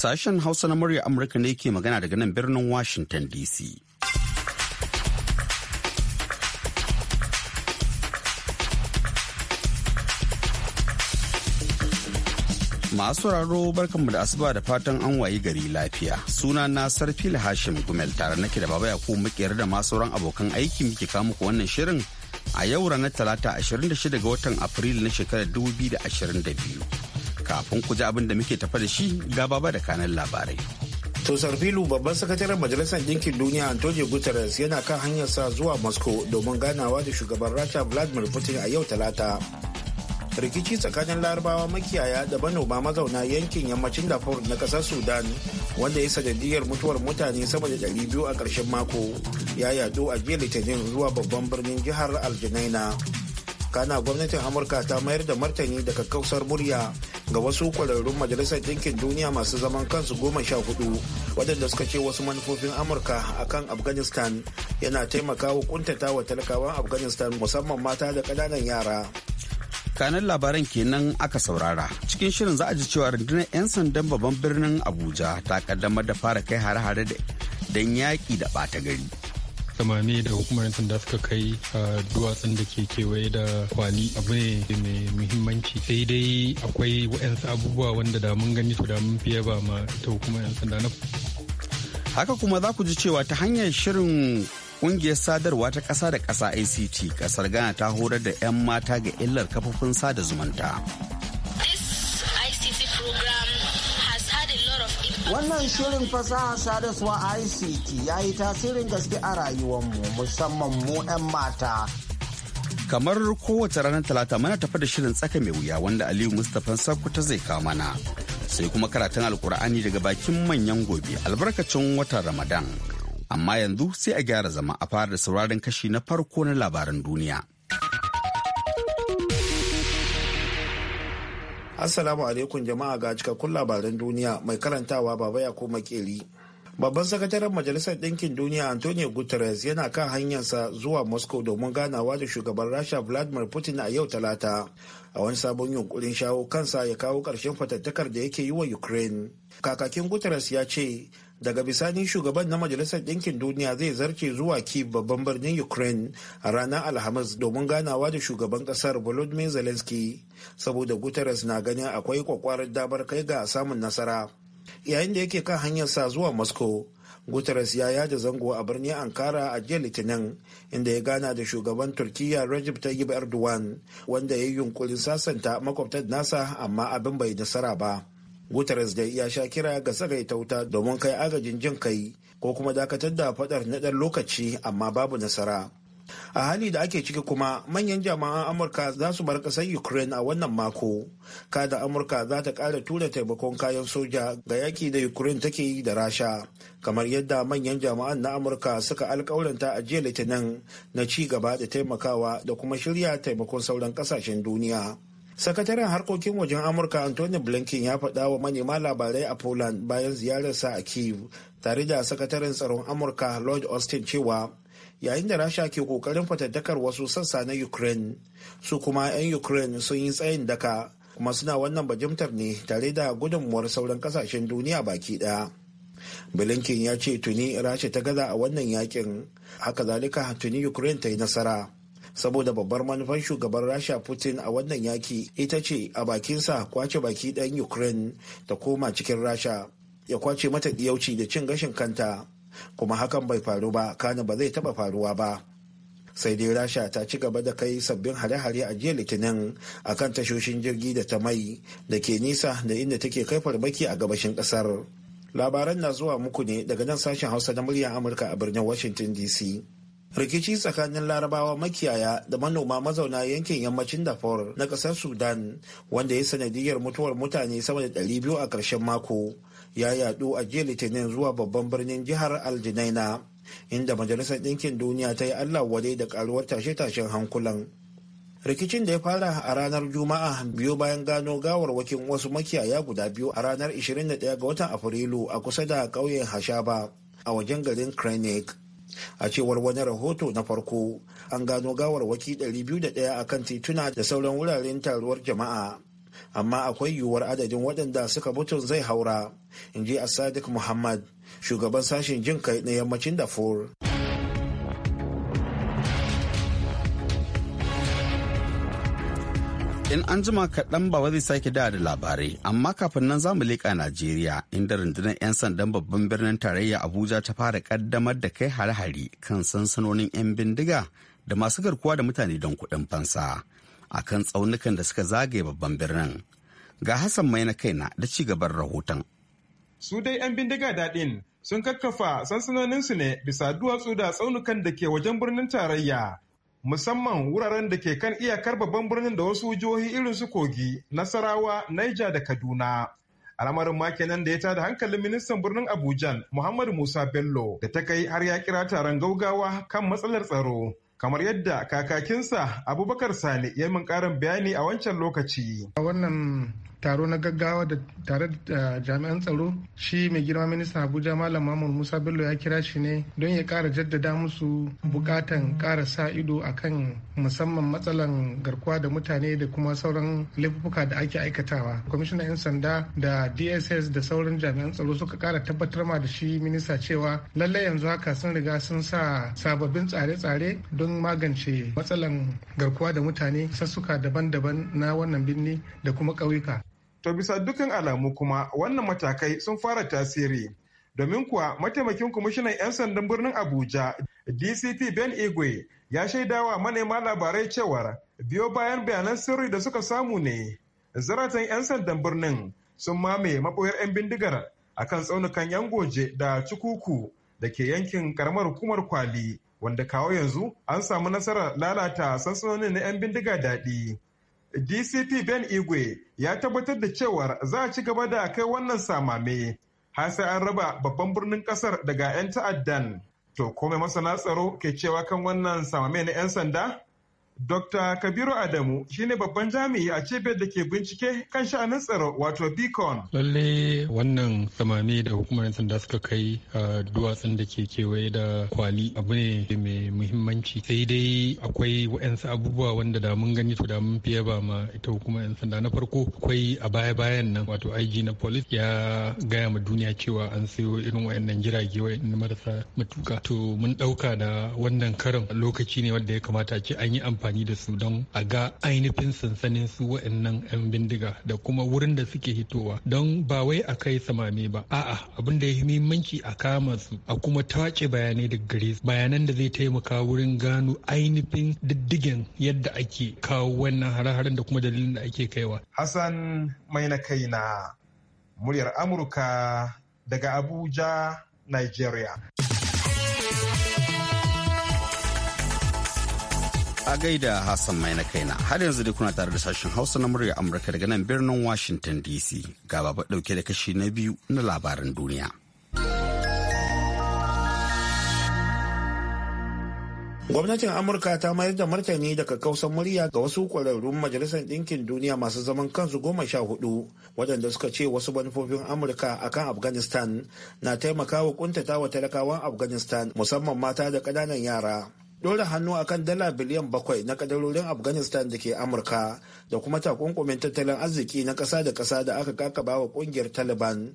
Sashen Hausa na murya Amurka ne ke magana daga nan birnin Washington DC. Masu raro barkanmu da asuba da fatan an wayi gari lafiya. Suna na Sarfi Hashim Gumel tare nake da baba Yakubu makiyar da masu sauran abokan aiki muke kawo muku wannan shirin a yau ranar Talata 26 ga watan Afrilu na shekarar 2022. kafin ku ji abin da muke tafa da shi ga baba da kanan labarai. To Sarfilu babban sakataren Majalisar Dinkin Duniya Antonio Guterres yana kan hanyarsa zuwa Moscow domin ganawa da shugaban Rasha Vladimir Putin a yau Talata. rikici tsakanin larabawa makiyaya da manoma mazauna yankin yammacin darfur na kasar sudan wanda ya sanadiyar mutuwar mutane sama da 200 a ƙarshen mako ya yado a jiya litinin zuwa babban birnin jihar aljanaina. kana gwamnatin amurka ta mayar da martani daga kausar murya ga wasu kwararrun majalisar ɗinkin duniya masu zaman kansu goma sha hudu waɗanda suka ce wasu manufofin amurka a kan afghanistan yana taimakawa kuntata wa talakawan afghanistan musamman mata da ƙananan yara kanan labaran kenan aka saurara cikin shirin za a ji cewa rundunar 'yan sandan babban birnin abuja ta kaddamar da fara kai hare-hare da yaƙi da ɓata gari samame da hukumar da suka kai a duwatsun da ke kewaye da kwali abu ne mai muhimmanci sai dai akwai waɗansu abubuwa wanda da mun gani su da mun fiye ba ma ta hukumar sanda na haka kuma za ku ji cewa ta hanyar shirin ƙungiyar sadarwa ta ƙasa da ƙasa act ƙasar ghana ta horar da 'yan mata ga illar kafofin sada zumunta Wannan shirin fasaha sadarwa ICT ya yi tasirin gaske a rayuwar mu musamman mu 'yan mata. Kamar kowace ranar talata mana tafi da shirin tsaka mai wuya wanda Aliyu Mustapha Sakuta zai kawo mana, Sai kuma karatun Alkur'ani daga bakin manyan gobe albarkacin watan Ramadan. Amma yanzu sai a gyara zama a fara da sauraron kashi na farko na labaran duniya. Assalamu alaikum jama'a ga cikakkun labaran duniya mai karantawa baba ya koma makeri. Babban sakataren Majalisar Ɗinkin Duniya Antonio Guterres yana kan hanyarsa zuwa Moscow domin ganawa da shugaban Rasha Vladimir Putin a yau Talata. A wani sabon yunkurin shawo kansa ya kawo ƙarshen fatattakar da yake yi wa Ukraine. Kakakin Guterres ya ce daga bisani shugaban na majalisar ɗinkin duniya zai zarce zuwa kiev babban birnin ukraine a ranar alhamis domin ganawa da shugaban ƙasar volodymyr zelensky saboda guterres na ganin akwai kwakwarar damar kai ga samun nasara yayin da yake kan hanyar sa zuwa moscow guterres ya yada zango a birnin ankara a jiya litinin inda ya gana da shugaban turkiyya rajab tayyip erdogan wanda ya yi yunkurin sasanta makwabtar nasa amma abin bai nasara ba guterres da ya sha kira ga sagaitauta domin kai agajin jin kai ko kuma dakatar da fadar na ɗan lokaci amma babu nasara a hali da ake ciki kuma manyan jama'an amurka za su bar ƙasar ukraine a wannan mako kada amurka za ta ƙara tura taimakon kayan soja ga yaki da ukraine take yi da rasha kamar yadda manyan jama'an na amurka suka alkawalanta a jiya litinin na ci gaba da taimakawa da kuma shirya taimakon sauran ƙasashen duniya sakataren harkokin wajen amurka Antony blinken ya faɗa wa manema labarai a poland bayan ziyararsa a kiev tare da sakataren tsaron amurka lord austin cewa yayin da rasha ke kokarin fatattakar wasu sassa na ukraine su kuma 'yan ukraine sun yi tsayin daka kuma suna wannan bajimtar ne tare da gudunmuwar sauran kasashen duniya baki daya blinken ya ce tuni rasha ta gaza a wannan yakin haka zalika tuni ukraine ta yi nasara saboda babbar manufan shugaban rasha putin a wannan yaki ita ce a bakinsa kwace baki ɗan ukraine ta koma cikin rasha ya kwace mata ɗiyauci da cin gashin kanta kuma hakan bai faru ba kana ba zai taɓa faruwa ba sai dai rasha ta ci gaba da kai sabbin hare-hare a jiya litinin a kan tashoshin jirgi da ta mai da ke nisa da inda take kai farmaki a gabashin kasar. labaran na zuwa muku ne daga nan sashen hausa na muryar amurka a birnin washington dc rikici tsakanin larabawa makiyaya da manoma mazauna yankin yammacin darfur na kasar sudan wanda ya sanadiyar mutuwar mutane sama da 200 a ƙarshen mako ya yadu a jiya litinin zuwa babban birnin jihar aljinaina inda majalisar ɗinkin duniya ta yi allah wadai da karuwar tashe-tashen hankulan rikicin da ya fara a ranar juma'a biyu bayan gano gawarwakin wasu makiyaya guda biyu a ranar 21 ga watan afrilu a kusa da ƙauyen hashaba a wajen garin krenik a cewar wani rahoto na farko an gano gawar gawarwaki 201 a kan tituna da sauran wuraren taruwar jama'a amma akwai yiwuwar adadin waɗanda suka mutu zai haura in ji asadik muhammad shugaban sashen jin kai na yammacin darfur in an jima kaɗan ba zai sake da da labarai amma kafin nan za mu leƙa najeriya inda rundunar 'yan sandan babban birnin tarayya abuja ta fara ƙaddamar da kai hare-hare kan sansanonin 'yan bindiga da masu garkuwa da mutane don kuɗin fansa a kan tsaunukan da suka zagaye babban birnin ga hassan mai na kaina da ci gaban rahoton su dai 'yan bindiga daɗin sun kakkafa sansanoninsu ne bisa duwatsu da tsaunukan da ke wajen birnin tarayya musamman wuraren da ke kan iyakar babban birnin da wasu jihohi irin su kogi nasarawa naija da kaduna al'amarin ma kenan da ya tada hankalin ministan birnin Abuja, muhammadu musa bello da ta kai har ya kira taron gaugawa kan matsalar tsaro kamar yadda kakakinsa abubakar sani ya min karin bayani a wancan lokaci wannan taro na gaggawa da tare da eh, jami'an tsaro shi mai girma minista abuja malam mamun musa bello ya kira shi ne don ya kara jaddada musu bukatan kara sa ido akan musamman matsalan garkuwa da mutane da kuma sauran laifuka da ake aikatawa kwamishinan 'yan sanda da dss da sauran jami'an tsaro suka kara tabbatar ma da shi minista cewa lallai yanzu haka sun riga sun sa sababbin tsare-tsare don magance matsalan garkuwa da mutane sassuka daban-daban na wannan birni da kuma ƙauyuka To bisa dukkan alamu kuma wannan matakai sun fara tasiri. Domin kuwa mataimakin kwamishinan 'yan sandan birnin Abuja DCP Ben Igwe ya shaidawa manema labarai cewar biyo bayan bayanan sirri da suka samu ne. Zaratan 'yan sandan birnin sun mamaye maboyar 'yan bindigar akan tsaunukan 'yan goje da cikuku da ke yankin karamar hukumar kwali wanda kawo yanzu an samu nasarar lalata sansanonin na 'yan bindiga daɗi. dcp ben igwe ya tabbatar da cewar za a ci gaba da kai wannan samame har sai an raba babban birnin kasar daga 'yan ta'addan to kome masana tsaro ke cewa kan wannan samame na 'yan sanda Dr. Kabiru Adamu shi ne babban jami'i a cibiyar da ke bincike kan sha'anin tsaro wato Beacon. Lalle wannan samami da hukumar sanda suka kai a duwatsun da ke kewaye da kwali abu ne mai muhimmanci sai dai akwai wa'ansu abubuwa wanda da mun gani to da mun fiye ba ma ita hukumar sanda na farko akwai a baya bayan nan wato IG na police ya gaya ma duniya cewa an sayo irin wa'annan jirage wa'annan marasa matuka to mun ɗauka da wannan karin. lokaci ne wanda ya kamata a ce an yi amfani amfani da su don a ga ainihin sansanin su wa'annan 'yan bindiga da kuma wurin da suke hitowa don ba wai a kai samame ba a'a abin da ya muhimmanci a kama su a kuma tace bayanai daga gare su bayanan da zai taimaka wurin gano ainihin diddigen yadda ake kawo wannan hare-haren da kuma dalilin da ake kaiwa hassan mai na kai na muryar amurka daga abuja nigeria A gaida Hassan mai na kaina har yanzu dai kuna tare da sashen Hausa na murya Amurka daga nan birnin Washington DC ga baba dauke da kashi na biyu na labaran duniya. Gwamnatin Amurka ta mayar da martani daga kausan murya ga wasu kwararrun majalisar ɗinkin duniya masu zaman kansu goma sha hudu wadanda suka ce wasu manufofin Amurka a kan Afghanistan na taimakawa kuntatawa talakawan Afghanistan musamman mata da ƙananan yara. dora hannu akan dala biliyan bakwai na kadarorin afghanistan da ke amurka da kuma takunkumin tattalin arziki na kasa da kasa da aka kakaba wa ƙungiyar taliban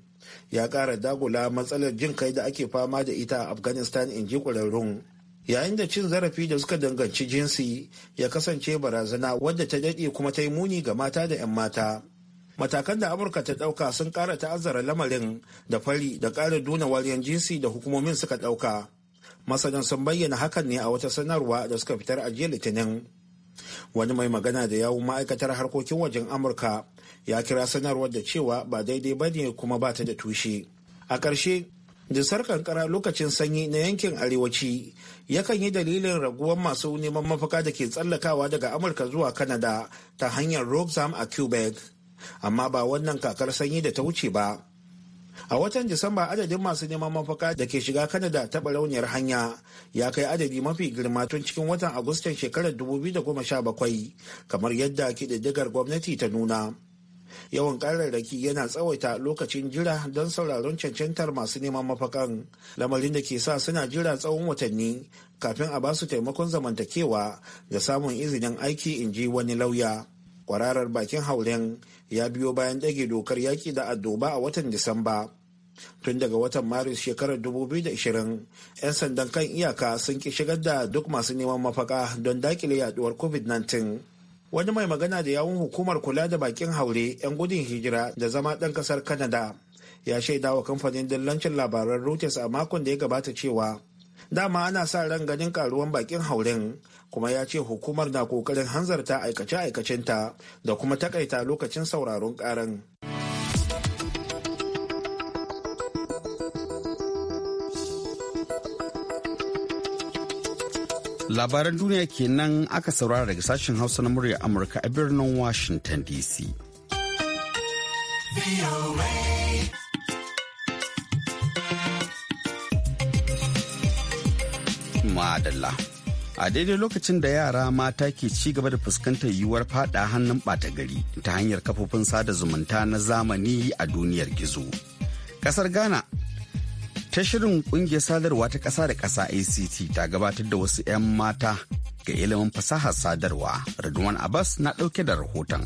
ya kara dagula matsalar jin kai da ake fama da ita a afghanistan in ji kwararrun yayin da cin zarafi da suka danganci jinsi ya kasance barazana wadda ta daɗe kuma ta yi muni ga mata da 'yan mata matakan da amurka ta ɗauka sun ƙara ta'azzara lamarin da fari da ƙara duna wariyar jinsi da hukumomin suka ɗauka masanin sun bayyana hakan ne a wata sanarwa da suka fitar a jiya litinin wani mai magana da yawun ma'aikatar harkokin wajen amurka ya kira sanarwar da cewa ba daidai ba ne kuma ba ta da tushe a ƙarshe disar kankara lokacin sanyi na yankin arewaci yakan yi dalilin raguwar masu neman mafaka da ke tsallakawa daga amurka zuwa kanada ta hanyar roxham a quebec amma ba wannan kakar sanyi da ta wuce ba a watan disamba adadin masu neman mafaka da ke shiga kanada ta barauniyar hanya ya kai adadi mafi girma tun cikin watan agustan shekarar 2017 kamar yadda kididdigar gwamnati ta nuna yawan kararraki yana tsawaita lokacin jira don sauraron cancantar masu neman mafakan lamarin da ke sa suna jira tsawon watanni kafin a basu taimakon zamantakewa da samun izinin aiki in ji wani lauya kwararar bakin hauren ya biyo bayan ɗage dokar yaƙi da addoba a watan disamba tun daga watan maris shekarar 2020 'yan sandan kan iyaka sun ki shigar da duk masu neman mafaka don dakile yaduwar covid-19 wani mai magana da yawun hukumar kula da bakin haure 'yan gudun hijira da zama ɗan ƙasar canada ya shaida wa kamfanin dillancin labaran reuters a makon da ya gabata cewa dama ana sa ran ganin karuwan bakin hauren kuma ya ce hukumar na kokarin hanzarta aikace ta da kuma takaita lokacin sauraron karan. labaran duniya kenan aka saurara daga sashen hausa na murya amurka a birnin washington dc. Madalla. A daidai lokacin da yara mata ke ci gaba da fuskantar yiwuwar fada hannun bata gari ta hanyar kafofin sada zumunta na zamani a duniyar gizo. Kasar Ghana ta shirin kungiyar sadarwa ta ƙasa da ƙasa ACT ta gabatar da wasu 'yan mata ga ilimin fasahar sadarwa. Radwan Abbas na ɗauke da rahoton.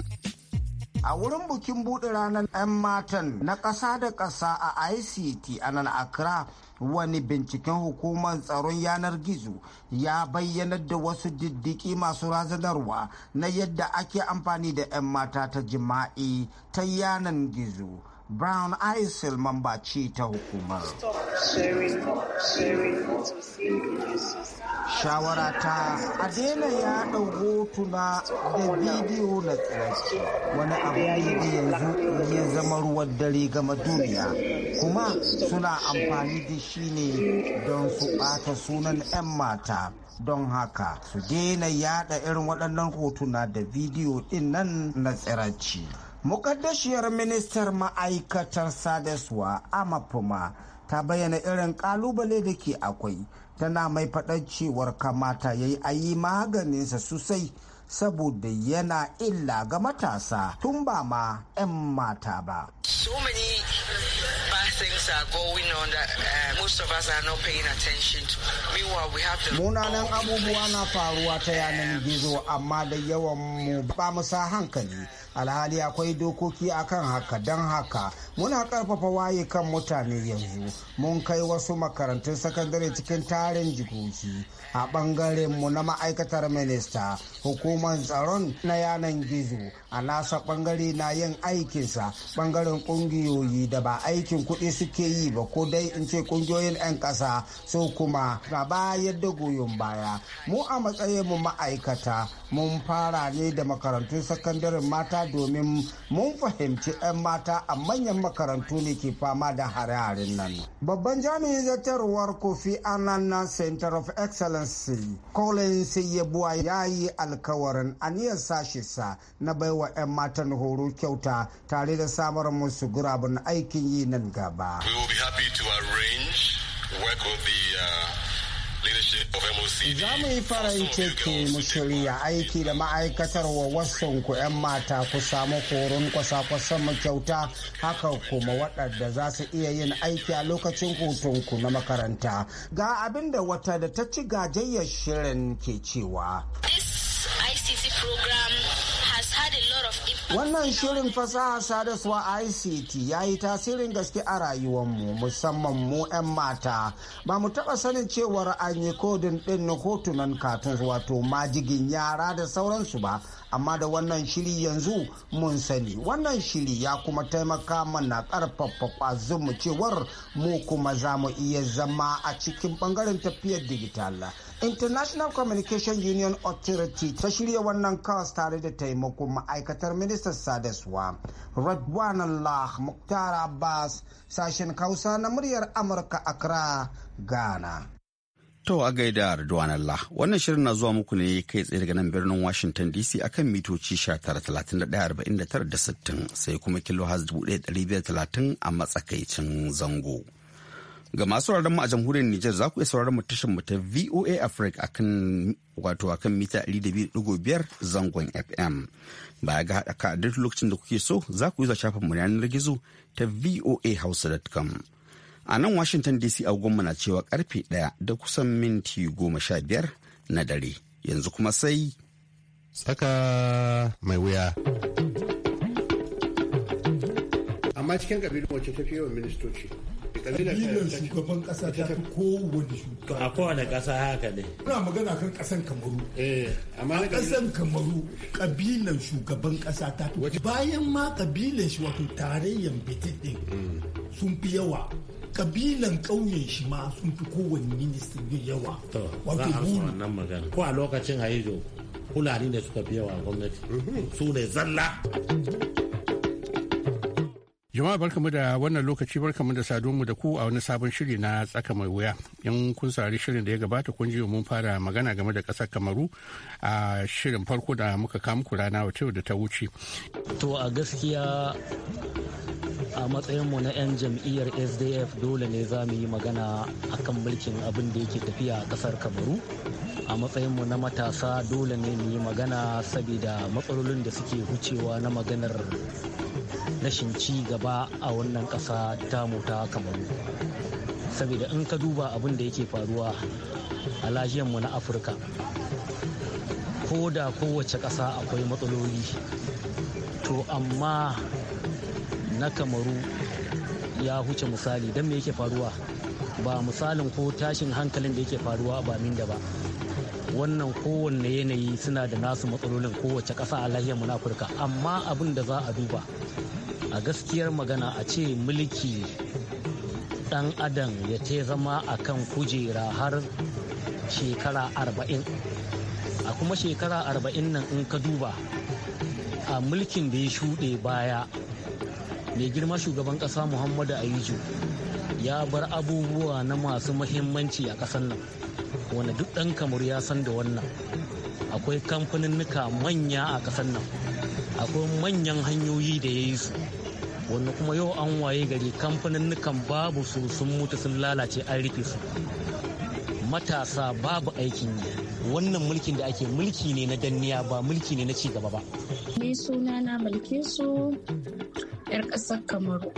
A wurin bukin buɗe ranar 'yan matan na ƙasa da ƙasa a ICT a nan Accra wani binciken hukumar tsaron yanar gizo ya bayyanar da wasu diddiki masu razanarwa na yadda ake amfani da 'yan mata ta jima'i ta yanar gizo brown isil mamba ce ta hukumar shawara ta a daina ya hotuna da bidiyo na tsirarci wani abu ne yanzu ya zama ruwan dare gama duniya kuma suna amfani da shi ne don su ɓata sunan 'yan mata don haka su daina yada irin waɗannan hotuna da bidiyo ɗin nan na tsiraci mukaddashiyar ministar ma'aikatar sadarwa amafuma ta bayyana irin kalubale da ke akwai tana mai faɗar cewar kamata ya yi a yi maganinsa sosai saboda yana illa ga matasa tun ba ma 'yan mata ba. So many bad things are going on that, uh... Munanan abubuwa na faruwa ta yanar gizo amma da yawan mu ba mu sa hankali. Alhali akwai dokoki akan haka don haka muna karfafa waye kan mutane yanzu mun kai wasu makarantun sakandare cikin tarin jikoki a bangaren mu na ma'aikatar minista hukumar tsaron na yanan gizo a nasa ɓangare na yin aikinsa bangaren ƙungiyoyi da ba aikin kuɗi suke yi ba ko dai in ce ƙungiyoyin 'yan ƙasa su kuma na bayar da goyon baya mu a matsayin mu ma'aikata mun fara ne da makarantun sakandaren mata domin mun fahimci 'yan mata a manyan makarantu ne ke fama da hare-haren nan babban jami'in zartarwar kofi na center of excellence Chelsea ya bua ya yi alkawarin aniyar sa na baiwa 'yan matan horo kyauta tare da samar musu gurabun aikin yi nan gaba. We will to arrange work uh, Za mu yi farin ciki mu shirya aiki da ma'aikatar wa wasan ku 'yan mata ku samu horon kwasa-kwasan mu kyauta haka kuma waɗanda za su iya yin aiki a lokacin hutunku na makaranta. Ga abin da wata da ta ci gajayyar shirin ke cewa. This ICC program has had a Wannan shirin fasaha sadarwa ICT ya yi tasirin gaske a rayuwar mu musamman mu 'yan mata. Ba mu taɓa sanin cewar an yi kodin ɗin hotunan katun wato majigin yara da sauransu ba. amma da wannan shiri yanzu mun sani wannan shiri ya kuma taimaka mana karfafa kwazon mu cewar mu kuma za mu iya zama a cikin bangaren tafiyar digital international communication union authority ta shirya wannan kawas tare da taimakon ma'aikatar ministan sadaswa radwan allah muktar abbas sashen kausa na muryar amurka a accra ghana To a gaida Ridwan Allah. Wannan shirin na zuwa muku ne kai tsaye daga nan birnin Washington DC akan mitoci 19,31,49,60 sai kuma kilo has 1,530 a matsakaicin zango. Ga masu sauraron mu a jamhuriyar Nijar za ku iya sauraron mu tashar mu ta VOA Africa akan wato akan mita 200.5 zangon FM. Baya ga haɗa ka duk lokacin da kuke so za ku yi za shafin mu yanar gizo ta voahausa.com. a nan washington dc agogonmu na cewa karfe daya da kusan minti goma sha biyar na dare yanzu kuma sai tsaka mai wuya amma cikin kabilu wacce ta fi yawan ministoci kabilar shugaban kasa ta fi kowane shugaba a kowane kasa haka ne kuna magana kan kasan kamaru eh, amma kasan kamaru kabilar shugaban kasa ta fi bayan ma kabilar shi wato tarayyan bitin din mm. sun fi yawa kabilan ƙauyen shi ma sun fi kowane ministan yawa wato buru ko a lokacin haido kulani ne suka fi yawa gwamnati mhm. su ne zalla jama'a mu da wannan lokaci barkamu da mu da ku a wani sabon shiri na tsaka mai wuya in kun saurari shirin da ya gabata kun ji mun fara magana game da kasar kamaru a shirin farko da muka kamu ku rana wata da ta wuce to a gaskiya a matsayinmu na 'yan jam'iyyar sdf dole ne za mu yi magana akan mulkin abin da yake tafiya a kasar kamaru a matsayinmu na matasa dole ne mu yi magana saboda matsalolin da suke wucewa na maganar rashin ci gaba a wannan ƙasa ta ta kamaru saboda in ka duba abin da yake faruwa a mu na afirka ko da kowace ƙasa akwai matsaloli to amma na kamaru ya huce misali don me yake faruwa ba misalin ko tashin hankalin da yake faruwa ba min da ba wannan kowanne yanayi suna da nasu matsalolin kowace kasa a lahiyar munafurka. amma abin da za a duba a gaskiyar magana a ce mulki dan adam ya te zama a kan kujera har shekara arba'in a kuma shekara arba'in nan in ka duba a mulkin da ya shuɗe baya mai girma shugaban kasa muhammadu ayiju ya bar abubuwa na masu mahimmanci a ƙasar nan wanda duk dan kamar ya san da wannan akwai kamfaninnika manya a ƙasar nan akwai manyan hanyoyi da ya yi su wanda kuma yau an waye gari kamfaninnikan babu su sun mutu sun lalace an rufe su matasa babu aikin yi wannan mulkin da ake mulki ne na danniya ba mulki ne na cigaba ba ni suna na mulkin su 'yar ƙasar kamaru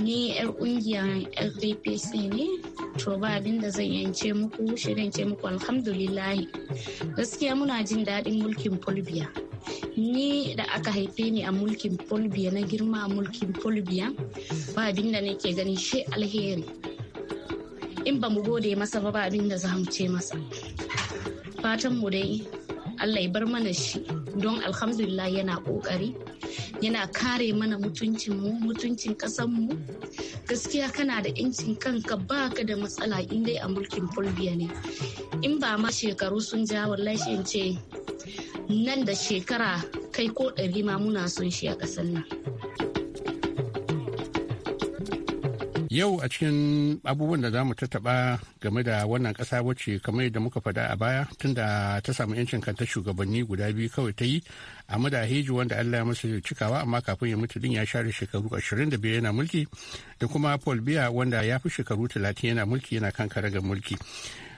ni 'yar ƙungiyar rdpc ne to ba abin da zan yance muku shirin ce muku alhamdulillahi gaskiya muna jin daɗin mulkin fulbiya ni da aka haife ni a mulkin fulbiya na girma a mulkin fulbiya ba abin da nake gani shi alheri in ba mu gode masa ba ba abin da za mu ce masa fatan mu dai Allah ya bar mana shi don alhamdulillah yana kokari yana kare mana mutuncinmu mutuncin mu gaskiya kana da 'yancin kanka ba ka da matsala in dai a mulkin fulbiya ne in ba ma shekaru sun ja wallahi in ce nan da shekara kai ko ɗari ma muna son shi a ƙasar nan yau a cikin abubuwan da za mu tattaba game da wannan ƙasa wacce kamar yadda muka faɗa a baya tunda ta samu 'yancin kanta shugabanni guda biyu kawai ta yi a da heji wanda allah ya masa cikawa amma kafin ya mutu din ya share shekaru 25 yana mulki da kuma paul biya wanda ya fi shekaru 30 yana mulki yana kan ga mulki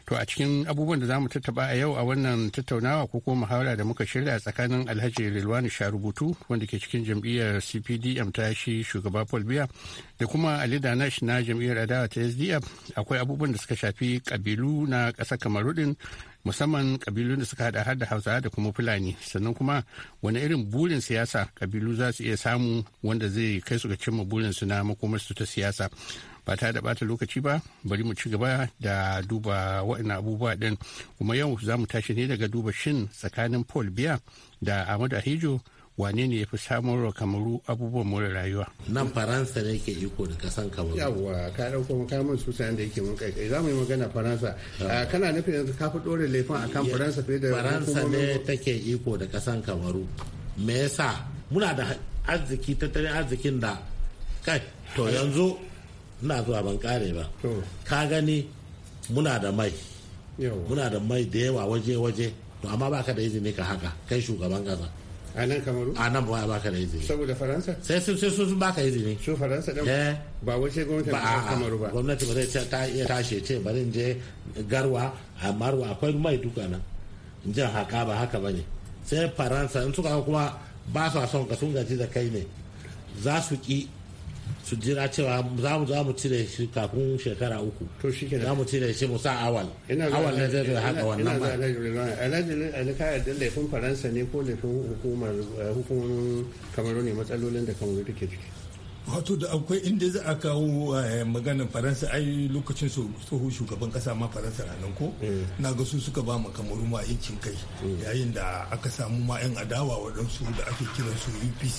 To a cikin abubuwan da za mu tattaba a yau a wannan tattaunawa ko kuma muhawara da muka shirya tsakanin Alhaji Rilwani Sharubutu wanda ke cikin jam'iyyar CPDM ta shi shugaba Paul Biya da kuma Ali Danash na jam'iyyar adawa ta SDF akwai abubuwan da suka shafi kabilu na ƙasar Kamaru din musamman kabilu da suka hada har da Hausa da kuma Fulani sannan kuma wani irin burin siyasa kabilu za su iya samu wanda zai kai su ga cimma burin su na makomarsu ta siyasa. ba ta da bata lokaci ba bari mu ci gaba da duba waɗannan abubuwa ɗin kuma yau za mu tashi ne daga duba shin tsakanin paul biya da ahmadu ahijo wane ne ya fi samun wa kamaru abubuwan more rayuwa nan faransa ne ke iko da kasan kamaru yawwa ka dauko ka mun su da yake mun kai za mu yi magana faransa ah, kana nufin yanzu ka fi dore laifin akan faransa fiye da faransa ne take iko da kasan kamaru me yasa muna da arziki tattalin arzikin da kai to yanzu ina zuwa ban kare ba ka gani muna da mai muna da mai da yawa waje-waje to amma baka da izini ka haka kai shugaban kasa a nan kamaru a nan ba baka da izini saboda faransa sai sun sai sun baka izini su faransa dan eh. ba wace gwamnati ba kamaru ba gwamnati ba zai ta iya tashi ce bari in je garwa a marwa akwai mai duka nan in jan haka ba haka bane sai faransa in suka kuma ba sa son ka sun gaji da kai ne za su ki su jira cewa za mu za mu cire shi kafin shekara uku to shi kenan za mu cire shi mu sa awal awal ne zai zai haka wannan ba alhaji alkayar da laifin faransa ne ko laifin hukumar eh, hukumar kamaru ne matsalolin da kamaru take ciki wato da akwai inda za a kawo eh, maganin faransa ai lokacin tsoho shugaban kasa ma faransa ranar ko eh. na ga su suka ba mu kamaru ma yakin kai eh. yayin da aka samu ma yan adawa waɗansu da ake kiran su upc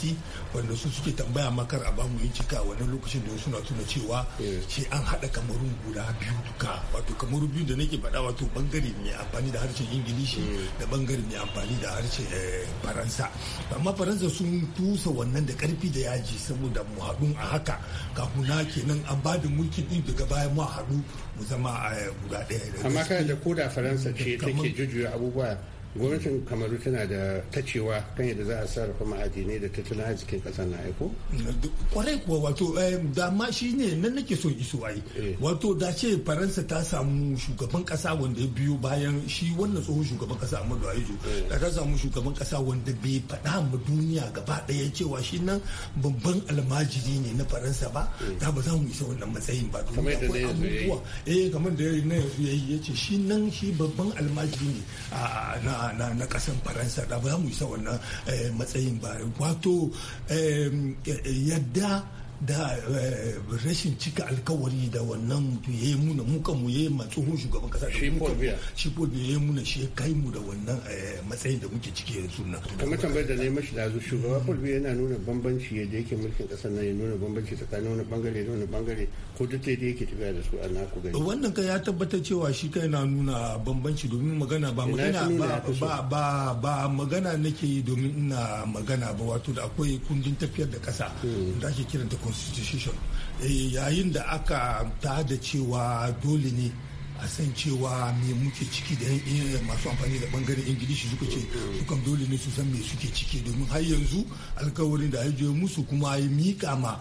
wanda su suke tambaya makar a bamu yin cika wani lokacin da suna tuna cewa ce an haɗa kamarun guda biyu duka wato kamaru biyu da nake faɗa wato bangare mai amfani da harshen ingilishi da bangare mai amfani da harshen faransa amma faransa sun tusa wannan da ƙarfi da yaji saboda mu abun a haka kakuna kenan an ba da mulkin din daga bayan mu haɗu mu zama a eh, guda ɗaya amma kana da koda faransa ce take jujjuya abubuwa gwamnatin kamaru tana da ta cewa kan yadda za a sarrafa ma'adinai da tattalin arzikin kasar na aiko? kwarai kuwa wato dama shi ne nan nake so iso ai eh. wato da ce faransa ta samu shugaban kasa wanda ya biyo bayan shi wannan tsohon shugaban kasa amadu ayijo eh. da ta samu shugaban kasa wanda bai faɗa ma duniya gaba ɗaya cewa shi nan babban almajiri ne na faransa ba eh. da ba za mu isa wannan matsayin ba domin akwai abubuwa eh kamar da ya yi ya ce shi nan shi babban almajiri ne na na na na kasan faransa da ba mu isa wannan eh, matsayin ba wato eh, eh, yadda da eh, rashin cika alkawari da wannan ya yi muna muka mu ya yi hun shugaban kasa da muka shi ko ya yi muna shi ya kai mu da wannan eh, matsayin da muke ciki yanzu na kuma tambayar da na yi mashi dazu shugaban paul biya yana nuna bambanci yadda yake mulkin kasar nan ya nuna bambanci tsakanin wani bangare da wani bangare ko duk da yake tafiya da su a naku gani wannan ka ya tabbatar cewa shi kai na nuna bambanci domin magana ba magana ba ba ba magana nake yi domin ina magana ba wato da akwai kundin tafiyar da kasa hmm. da ake kiranta constitution eh, yayin da aka ta da cewa dole ne a san cewa me muke ciki da eh, masu amfani da bangaren ingilishi suka ce sukan dole ne su san me suke ciki domin har yanzu alkawarin da haijo musu kuma ya mika ma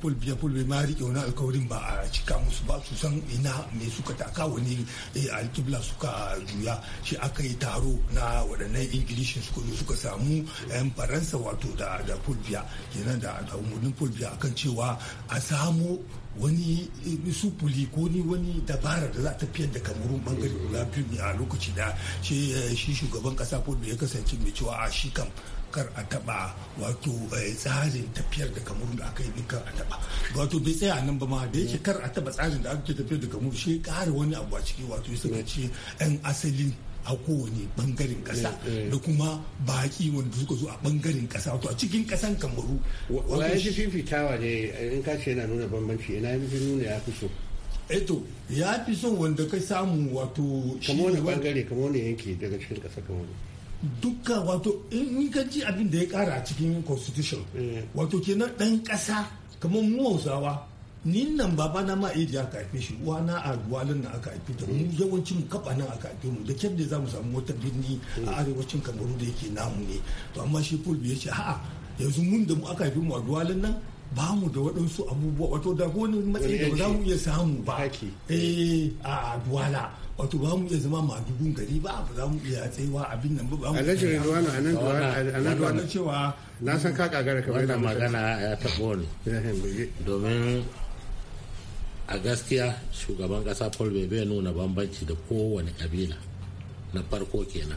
fulbiya eh, fulbe ma rike wani alkawarin ba a cika musu ba su san ina me suka taka wani eh, alkibla suka juya shi aka yi taro na waɗannan ingilishin suka zo suka samu yan faransa wato da fulbiya kenan da umarnin fulbiya akan cewa a samu. wani eh, sufuli ko ni wani dabarar da za ta fiyar da kamarun bangare guda biyu ne a lokaci da eh, shi shugaban kasa ko ya kasance mai cewa a ah, shi kam kar a taba wato eh, tsarin tafiyar da kamar da aka yi kar a taba wato bai tsaya nan ba ma da yake kar a taba tsarin da ake tafiyar da kamar shi kare wani abu a ciki wato ya saka yan asalin a kowane bangaren kasa eh, eh. da kuma baki wanda suka zo a bangaren kasa wato a cikin kasan kamaru wani shi fifitawa ne in ka ce yana nuna bambanci ina yi nuna ya fi so eto eh ya fi son wanda ka samu wato kamar wani bangare kamar wani yanki daga cikin kasa kamaru dukka wato in ka ji abin da ya kara a cikin constitution wato kenan dan kasa kamar mu hausawa ni nan baba na ma idi aka haife shi uwa na a gwalin na aka haife ta mu mm. yawanci mu kafa nan aka haife mu da kyar da zamu samu wata birni a mm. arewacin kamaru da yake namu ne to amma shi fulbi bai ce ha yanzu mun da mu aka haife mu a gwalin nan ba mu da waɗansu abubuwa wato da wani matsayi da ba za mu iya samu ba eh, a duwala wato ba mu iya zama madugun gari ba ba za mu iya tsayuwa abin nan ba ba mu alhaji rinduwanu a nan duwala cewa na san ka kagara kamar da magana ya taɓo ne domin a gaskiya shugaban kasa paul bai nuna bambanci da kowane kabila na farko kenan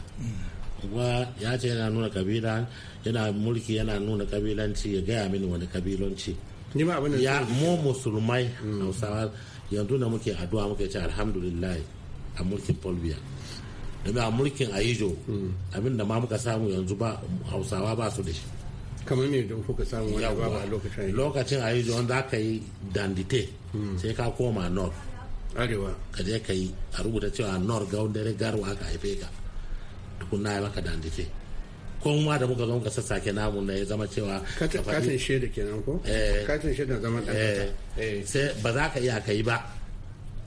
kuma ya ce yana nuna kabila yana mulki yana nuna kabilanci ya gaya mini wani kabilanci ya mu musulmai hausawa yanzu da muke addu'a muke ce alhamdulillah a mulkin paul biya a mulkin ayijo hmm. abinda ma muka samu yanzu ba hausawa ba su da shi kamar me don kuka samu wani ba a lokacin lokacin a yi zuwan za ka yi dandite hmm. sai ka koma north arewa ka je ka yi a rubuta cewa north gaundare garwa ka haife ka tukuna ya maka dandite kuma da muka zo muka sassake namu na ya zama cewa katin shaida kenan ko eh. katin shaida zama dan eh. eh. sai ba za ka iya ka yi ba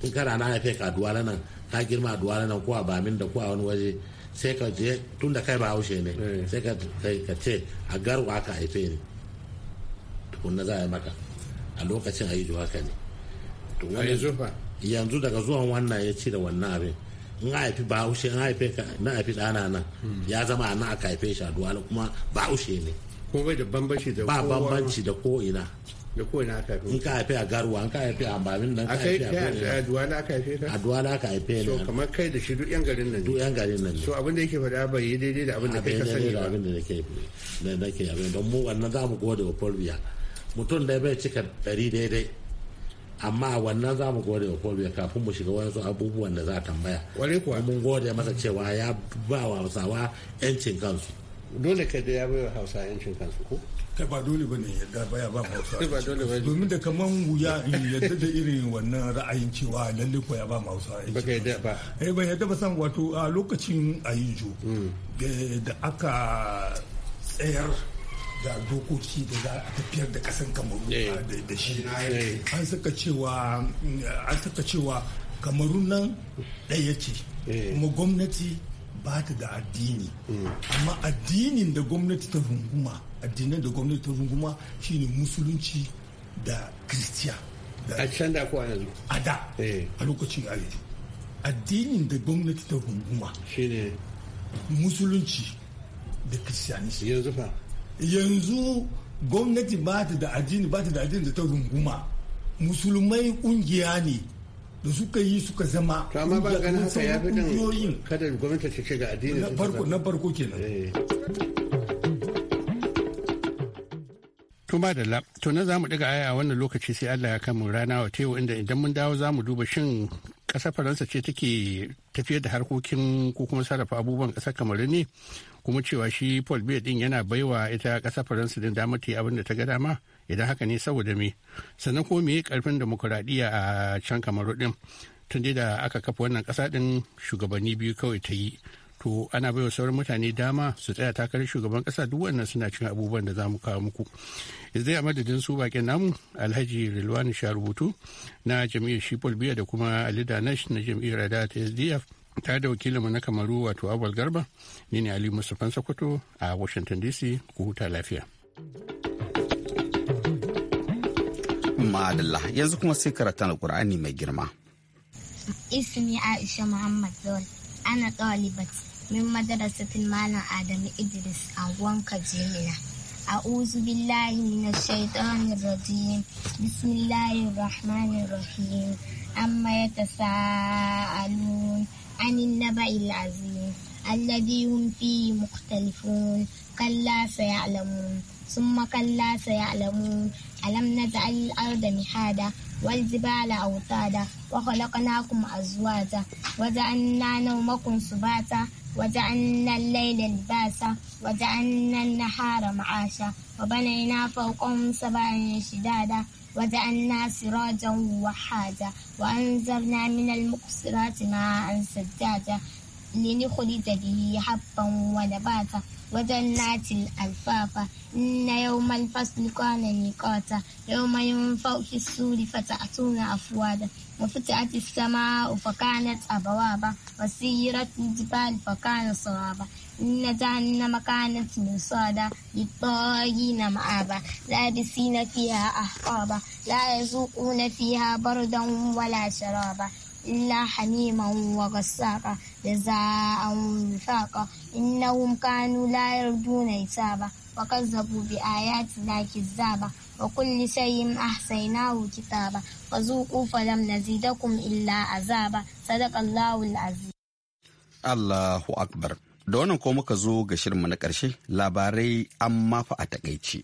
in kana na haife ka duwala nan ka girma a duwala nan ko a bamin da ko a wani waje sai ka je tun da kai ba haushe ne eh. sai ka ce a garwa aka haife ni tukunna za a yi maka a lokacin a yi haka ne yanzu daga zuwan wannan ya ci da wannan abin in haifi haushe in haife na haifi ɗana nan hmm. ya zama a nan aka haife shi a duwala kuma bahaushe ne ko bai da bambanci ba bambanci da ko ina da ko ina aka haife in ka haife a garwa in ka haife a bamin nan ka haife a aduwa na aka haife ka aduwa na aka haife ne so kamar kai da shi duk yan garin nan duk yan garin nan so abin da yake faɗa bai yi daidai da abin da kai ka sani ba abin da nake da nake abin don mu wannan za mu gode wa Fulbiya mutum da bai cika ɗari daidai amma wannan za mu gode wa Fulbiya kafin mu shiga wasu abubuwan da za a tambaya wale kuwa mun gode masa cewa ya ba wa Hausawa 'yancin kansu dole ka da ya bai wa Hausawa 'yancin kansu ko kai ba dole bane yadda baya ba hausa ba dole domin da kaman wuya in yadda da irin wannan ra'ayin cewa lalle ko ya ba hausa ba kai da ba eh ba yadda ba san wato a lokacin ayinjo hmm. da aka tsayar da dokoki da za a tafiyar da kasan kamaru eh. da shi eh. an saka cewa an suka cewa kamarun nan ɗaya ce eh. kuma gwamnati ba ta da addini hmm. amma addinin da gwamnati ta runguma addinan da gwamnati ta runguma shine musulunci da kristiya a can da ko yanzu a da eh. a lokacin arewa addinin da gwamnati ta runguma shine musulunci da kristiyanisi yanzu fa yanzu gwamnati ba ta da addini ba ta da addini da ta runguma musulmai kungiya ne da suka yi suka zama to amma ba ganin haka ya fi kada gwamnati ta ce ga addini na farko kenan eh. To la to na za mu ɗiga aya a wannan lokaci sai Allah ya kama rana wa tewo inda idan mun dawo za mu duba shin ƙasar Faransa ce take tafiyar da harkokin ko kuma sarrafa abubuwan ƙasar kamar ne kuma cewa shi Paul Biya din yana baiwa ita ƙasar Faransa din damar ta yi abin da ta ga dama idan haka ne saboda me sannan ko me karfin demokuraɗiyya a can kamaru din tun da aka kafa wannan ƙasa din shugabanni biyu kawai ta yi to ana baiwa sauran mutane dama su tsaya takarar shugaban kasa duk wannan suna cin abubuwan da za mu kawo muku yanzu a madadin su bakin namu alhaji rilwani sharubutu na jam'iyyar shipol biya da kuma ali danash na jam'iyyar ada ta sdf ta da wakilinmu na kamaru wato abal garba ni ne ali mustapha sokoto a washington dc ku huta lafiya madalla yanzu kuma sai karatan alkur'ani mai girma ismi aisha muhammad zawal ana ɗalibat min madrasatin malam adamu idris a wanka jimina أعوذ بالله من الشيطان الرجيم بسم الله الرحمن الرحيم أما يتساءلون عن النبأ العظيم الذي هم فيه مختلفون كلا سيعلمون ثم كلا سيعلمون ألم نجعل الأرض مهادا والجبال أوتادا وخلقناكم أزواجا وجعلنا نومكم سباتا وجعلنا الليل لباسا وجعلنا النهار معاشا وبنينا فوقهم سبعا شدادا وجعلنا سراجا وحاجا وأنزلنا من المقصرات ماء سجاجا لنخرج به حبا ونباتا wajen natin alfafa na yau manfas ni kwana ni kota yau mai mun fauki suri fata atuna afuwada mafita ati sama ufakana tabawa ba wasi hirat ni jibali fakana sawaba na jani na makana tinusada yitoyi na ma'aba la bisina fiya ahkaba la yazuku na fiya bardan wala sharaba illa haliman wa gassara da za a wuri faƙa ina wunkanu layar duna isa ba wa kazzabu bi a na kizza ba ba kulli sai yi ma'asai na hukita ba wa zu ƙufa lam na zidakun illa a za lawul azi. Allahu akbar da wannan ko muka zo ga shirma na ƙarshe labarai an mafa a takaici.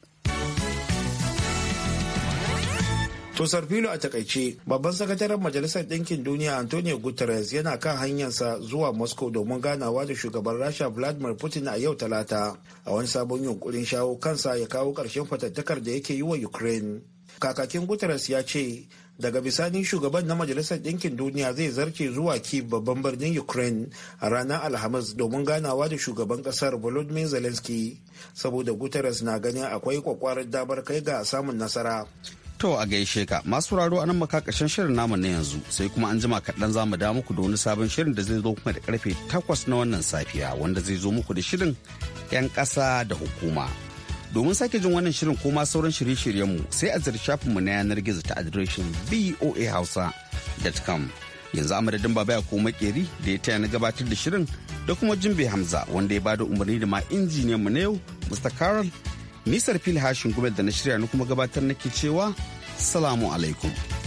To Sarfilo a takaice babban sakataren Majalisar Ɗinkin Duniya Antonio Guterres yana kan hanyarsa zuwa Moscow domin ganawa da shugaban Rasha Vladimir Putin a yau Talata a wani sabon yunkurin shawo kansa ya kawo ƙarshen fatattakar da yake yi wa Ukraine. Kakakin Guterres ya ce daga bisani shugaban na Majalisar Ɗinkin Duniya zai zarce zuwa Kiev babban birnin Ukraine a ranar Alhamis domin ganawa da shugaban ƙasar Volodymyr Zelensky saboda Guterres na ganin akwai kwakwarar damar kai ga samun nasara. To a gaishe ka masu raro anan maka shirin namu na yanzu sai kuma an jima kaɗan za mu da muku da wani sabon shirin da zai zo kuma da karfe takwas na wannan safiya wanda zai zo muku da shirin 'yan ƙasa da hukuma. Domin sake jin wannan shirin ko ma sauran shirye-shiryenmu sai a zira shafinmu na yanar gizo ta adireshin boahausa.com. Yanzu a yanzu baba ya ko makeri da ya taya na gabatar da shirin da kuma jimbe hamza wanda ya bada umarni da ma injiniyanmu na yau Mr. Carol nisar fil hashin gumel da na shirya na kuma gabatar nake cewa salamu alaikum